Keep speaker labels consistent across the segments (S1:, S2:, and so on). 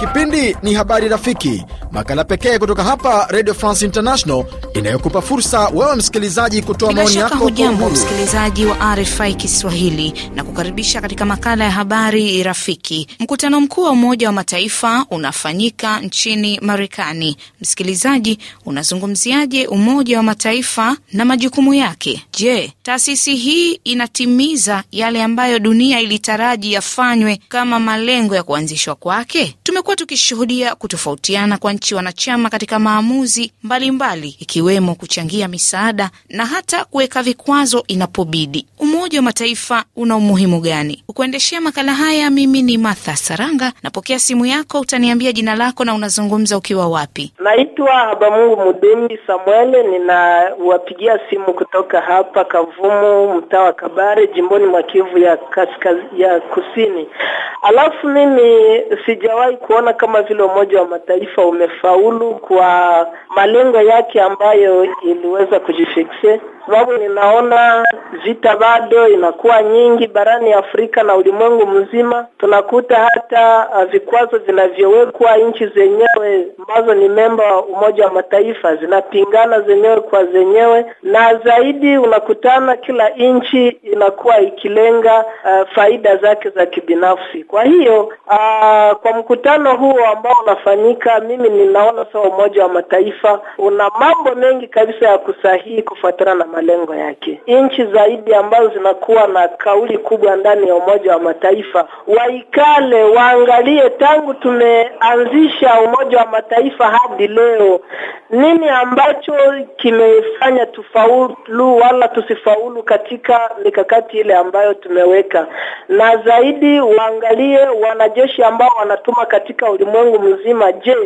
S1: Kipindi ni Habari Rafiki, makala pekee kutoka hapa Radio France International inayokupa fursa wewe msikilizaji kutoa maoni yako. ujambo
S2: msikilizaji wa RFI Kiswahili na kukaribisha katika makala ya Habari Rafiki. Mkutano mkuu wa Umoja wa Mataifa unafanyika nchini Marekani. Msikilizaji, unazungumziaje Umoja wa Mataifa na majukumu yake? Je, taasisi hii inatimiza yale ambayo dunia ilitaraji yataraji yafanywe kama malengo ya kuanzishwa kwake? Tumekuwa tukishuhudia kutofautiana kwa nchi wanachama katika maamuzi mbalimbali mbali, ikiwemo kuchangia misaada na hata kuweka vikwazo inapobidi. Umoja wa Mataifa una umuhimu gani? Kukuendeshea makala haya mimi ni Martha Saranga, napokea simu yako, utaniambia jina lako na unazungumza ukiwa wapi?
S3: Naitwa Habamungu Mudemi Samuele, ninawapigia simu kutoka hapa Kavumu, mtaa wa Kabare, jimboni mwa Kivu ya kaskaz, ya ya kusini. Alafu mimi sijawahi kuona kama vile Umoja wa Mataifa umefaulu kwa malengo yake ambayo iliweza kujifikse, sababu ninaona vita bado inakuwa nyingi barani Afrika na ulimwengu mzima. Tunakuta hata uh, vikwazo vinavyowekwa nchi zenyewe ambazo ni memba wa Umoja wa Mataifa zinapingana zenyewe kwa zenyewe, na zaidi unakutana kila nchi inakuwa ikilenga uh, faida zake za kibinafsi. Kwa hiyo aa, ah, kwa mkutano huo ambao unafanyika, mimi ninaona sawa Umoja wa Mataifa una mambo mengi kabisa ya kusahihi kufuatana na malengo yake. Nchi zaidi ambazo zinakuwa na kauli kubwa ndani ya Umoja wa Mataifa waikale, waangalie tangu tumeanzisha Umoja wa Mataifa hadi leo nini ambacho kimefanya tufaulu wala tusifaulu katika mikakati ile ambayo tumeweka na na zaidi waangalie wanajeshi ambao wanatuma katika ulimwengu mzima. Je,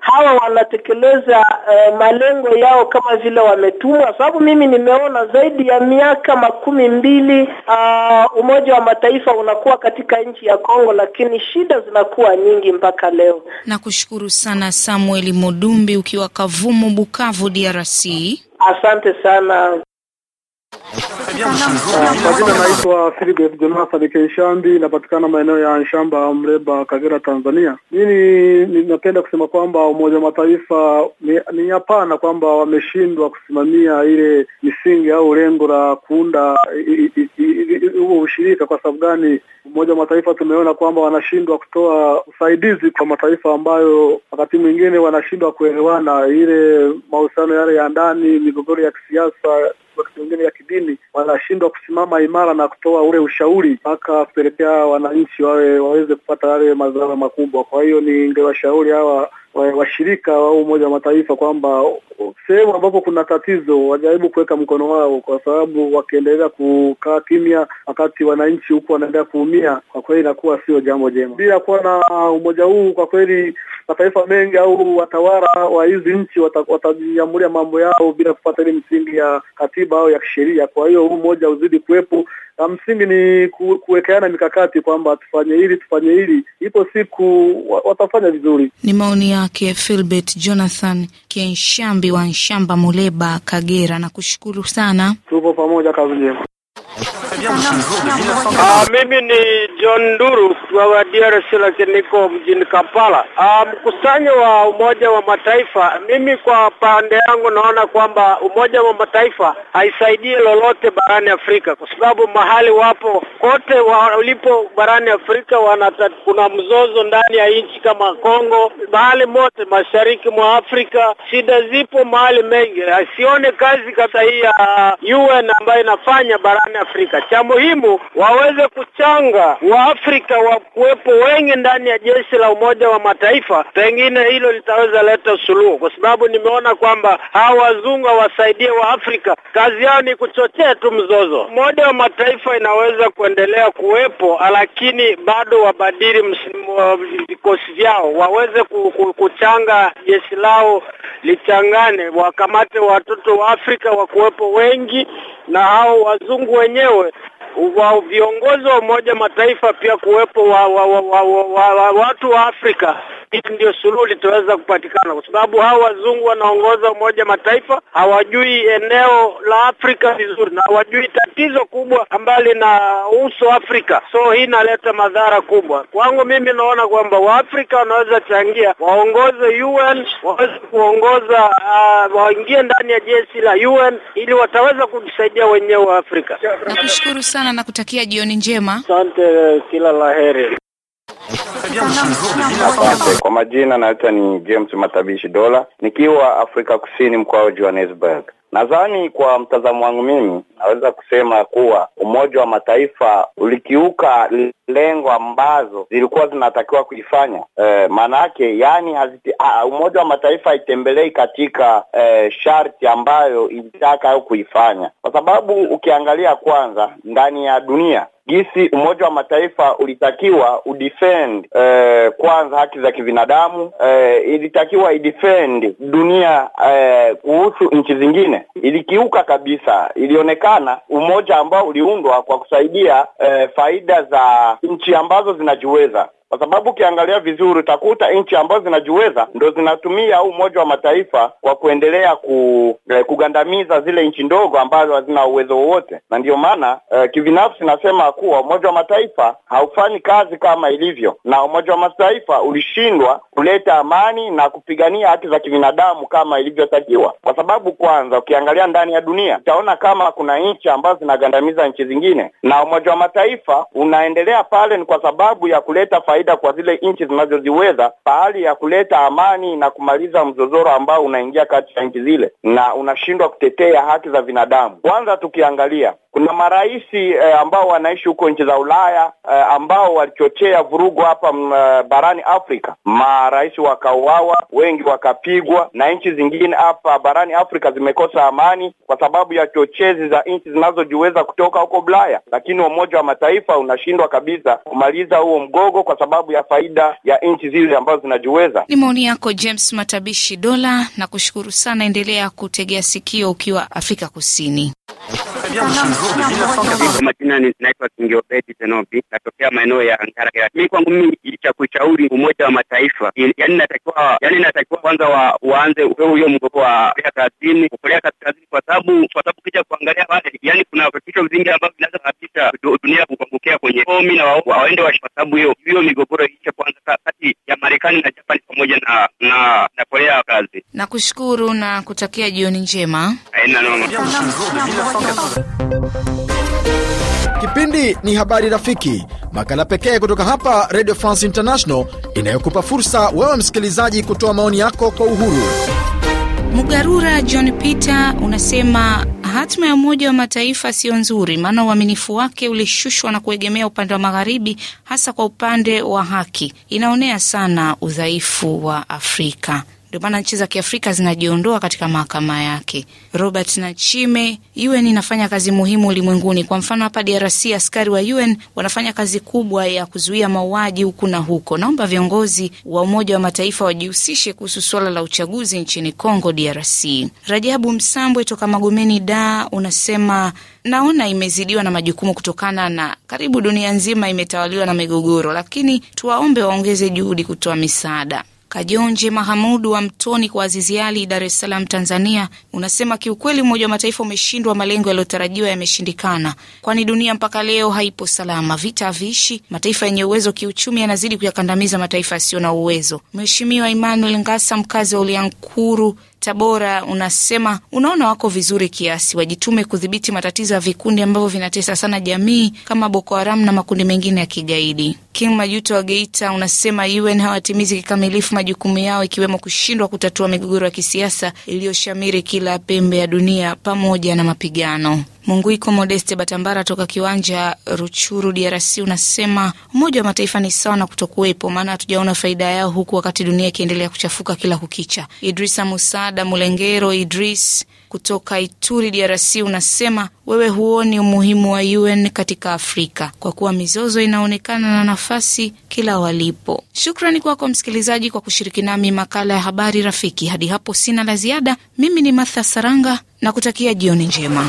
S3: hawa wanatekeleza eh, malengo yao kama vile wametumwa? Sababu mimi nimeona zaidi ya miaka makumi mbili uh, Umoja wa Mataifa unakuwa katika nchi ya Kongo, lakini shida zinakuwa nyingi mpaka leo.
S2: Nakushukuru sana Samuel mudumbi ukiwa Kavumu, Bukavu, DRC. Asante
S4: sana. Kwa jina naitwa Philip Jonas Adikenshambi, napatikana maeneo ya Nshamba, Mreba, Kagera, Tanzania. Mimi ninapenda kusema kwamba Umoja wa Mataifa ni hapana kwamba wameshindwa kusimamia ile misingi au lengo la kuunda huo ushirika. Kwa sababu gani? Umoja wa Mataifa tumeona kwamba wanashindwa kutoa usaidizi kwa mataifa ambayo wakati mwingine wanashindwa kuelewana, ile mahusiano yale ya ndani, migogoro ya kisiasa wakati mwingine ya kidini, wanashindwa kusimama imara na kutoa ule ushauri mpaka kupelekea wananchi wawe waweze kupata yale madhara makubwa. Kwa hiyo ningewashauri hawa washirika wa Umoja wa Mataifa kwamba sehemu ambapo kuna tatizo wajaribu kuweka mkono wao, kwa sababu wakiendelea kukaa kimya wakati wananchi huku wanaendelea kuumia, kwa kweli inakuwa sio jambo jema. Bila kuwa na umoja huu, kwa kweli mataifa mengi au watawala wa hizi nchi watajiamulia mambo yao bila kupata ile misingi ya katiba au ya kisheria. Kwa hiyo huu umoja uzidi kuwepo na ah, msingi ni kuwekeana mikakati kwamba tufanye hili tufanye hili, ipo siku watafanya vizuri.
S2: Ni maoni yake Philbert Jonathan Kenshambi wa Nshamba, Muleba, Kagera. Nakushukuru sana, tupo pamoja, kazi njema. Ah, mimi
S5: ni John Nduru wa DRC lakini niko mjini Kampala. Ah, mkusanyo wa Umoja wa Mataifa, mimi kwa pande yangu naona kwamba Umoja wa Mataifa haisaidii lolote barani Afrika kwa sababu mahali wapo kote walipo barani Afrika wanata, kuna mzozo ndani ya nchi kama Kongo, mahali mote mashariki mwa Afrika shida zipo mahali mengi. Sione kazi kabisa hii ya UN ambayo inafanya barani barani Afrika. Cha muhimu waweze kuchanga Waafrika wa kuwepo wengi ndani ya jeshi la Umoja wa Mataifa, pengine hilo litaweza leta suluhu, kwa sababu nimeona kwamba hawa wazungu hawasaidie Waafrika, kazi yao ni kuchochea tu mzozo. Umoja wa Mataifa inaweza kuendelea kuwepo, lakini bado wabadili vikosi vyao, waweze kuchanga jeshi lao lichangane, wakamate watoto wa Afrika wakuwepo wengi na hao wazungu wenyewe wa viongozi wa Umoja Mataifa pia kuwepo wa, wa, wa, wa, wa, wa, watu wa Afrika hii ndio suluhu litaweza kupatikana, kwa sababu hao wazungu wanaongoza Umoja Mataifa hawajui eneo la Afrika vizuri na hawajui tatizo kubwa ambalo linahusu Afrika, so hii inaleta madhara kubwa. Kwangu mimi naona kwamba Waafrika wanaweza changia, waongoze UN, waweze kuongoza uh, waingie ndani ya jeshi la UN ili wataweza kujisaidia wenyewe wa Afrika.
S2: Nakushukuru sana na kutakia jioni njema. Asante, kila la heri.
S1: Kwa majina naitwa ni James Matabishi Dola, nikiwa Afrika Kusini, mkoa wa Johannesburg. Nadhani kwa mtazamo wangu mimi naweza kusema kuwa Umoja wa Mataifa ulikiuka lengo ambazo zilikuwa zinatakiwa kuifanya. E, eh, maana yake yani haziti, a, Umoja wa Mataifa haitembelei katika e, sharti ambayo ilitaka au kuifanya, kwa sababu ukiangalia kwanza ndani ya dunia jinsi Umoja wa Mataifa ulitakiwa udefend eh, kwanza haki za kibinadamu eh, ilitakiwa idefend dunia eh, kuhusu nchi zingine, ilikiuka kabisa. Ilionekana umoja ambao uliundwa kwa kusaidia eh, faida za nchi ambazo zinajiweza kwa sababu ukiangalia vizuri utakuta nchi ambazo zinajiweza ndo zinatumia au Umoja wa Mataifa kwa kuendelea ku, eh, kugandamiza zile nchi ndogo ambazo hazina uwezo wowote, na ndiyo maana eh, kibinafsi nasema kuwa Umoja wa Mataifa haufanyi kazi kama ilivyo, na Umoja wa Mataifa ulishindwa kuleta amani na kupigania haki za kibinadamu kama ilivyotakiwa, kwa sababu kwanza, ukiangalia ndani ya dunia utaona kama kuna nchi ambazo zinagandamiza nchi zingine, na Umoja wa Mataifa unaendelea pale ni kwa sababu ya kuleta faida faida kwa zile nchi zinazoziweza pahali ya kuleta amani na kumaliza mzozoro ambao unaingia kati ya nchi zile na unashindwa kutetea haki za binadamu. Kwanza tukiangalia kuna marais eh, ambao wanaishi huko nchi za Ulaya eh, ambao walichochea vurugu hapa mm, eh, barani Afrika. Marais wakauawa, wengi wakapigwa, na nchi zingine hapa barani Afrika zimekosa amani kwa sababu ya chochezi za nchi zinazojiweza kutoka huko Ulaya, lakini Umoja wa Mataifa unashindwa kabisa kumaliza huo mgogo kwa sababu sababu ya faida ya nchi zile ambazo zinajiweza. Ni maoni
S2: yako James Matabishi Dola, na kushukuru sana. Endelea kutegea sikio ukiwa Afrika Kusini.
S1: Kwa majina ninaitwa Kingiobedi Zenobi, natokea maeneo ya Ngara. Mimi kwangu mimi cha kushauri Umoja wa Mataifa yaani natakiwa yaani natakiwa kwanza wa, waanze huyo mgogo wa Korea Kaskazini, Korea Kaskazini kwa sababu kwa sababu kija kuangalia pale, yani kuna vitisho vingi ambavyo vinaweza kabisa dunia kuangukia kwenye komi, na waende kwa sababu hiyo hiyo migogoro iishe kwanza kati Marekani na Japani pamoja na, na, na Korea Kazi.
S2: Nakushukuru na kutakia jioni njema. Eh, Kipindi ni Habari Rafiki,
S1: makala pekee kutoka hapa Radio France International inayokupa fursa wewe msikilizaji kutoa
S4: maoni yako kwa uhuru.
S2: Mugarura John Peter unasema Hatima ya Umoja wa Mataifa siyo nzuri, maana uaminifu wake ulishushwa na kuegemea upande wa magharibi, hasa kwa upande wa haki. Inaonea sana udhaifu wa Afrika. Ndio maana nchi za Kiafrika zinajiondoa katika mahakama yake. Robert Nachime, UN inafanya kazi muhimu ulimwenguni. Kwa mfano hapa DRC askari wa UN wanafanya kazi kubwa ya kuzuia mauaji huku na huko. Naomba viongozi wa Umoja wa Mataifa wajihusishe kuhusu swala la uchaguzi nchini Congo DRC. Rajabu Msambwe toka Magomeni Da unasema naona imezidiwa na majukumu kutokana na karibu dunia nzima imetawaliwa na migogoro, lakini tuwaombe waongeze juhudi kutoa misaada. Kajonje Mahamudu wa Mtoni kwa Azizi Ali, Dar es Salaam, Tanzania, unasema kiukweli Umoja wa Mataifa umeshindwa, malengo yaliyotarajiwa yameshindikana, kwani dunia mpaka leo haipo salama, vita haviishi, mataifa yenye uwezo kiuchumi yanazidi kuyakandamiza mataifa yasiyo na uwezo. Mheshimiwa Emmanuel Ngasa, mkazi wa Uliankuru Tabora unasema unaona wako vizuri kiasi, wajitume kudhibiti matatizo ya vikundi ambavyo vinatesa sana jamii kama Boko Haram na makundi mengine ya kigaidi. King Majuto wa Geita unasema UN hawatimizi kikamilifu majukumu yao ikiwemo kushindwa kutatua migogoro ya kisiasa iliyoshamiri kila pembe ya dunia pamoja na mapigano. Munguiko Modeste Batambara toka kiwanja Ruchuru, DRC unasema Umoja wa Mataifa ni sawa na kutokuwepo, maana hatujaona faida yao, huku wakati dunia ikiendelea kuchafuka kila kukicha. Idrisa Musa Msaada Mulengero Idris kutoka Ituri, DRC, unasema wewe huoni umuhimu wa UN katika Afrika kwa kuwa mizozo inaonekana na nafasi kila walipo. Shukrani kwako msikilizaji kwa kushiriki nami makala ya habari rafiki. Hadi hapo sina la ziada. Mimi ni Martha Saranga na kutakia jioni njema.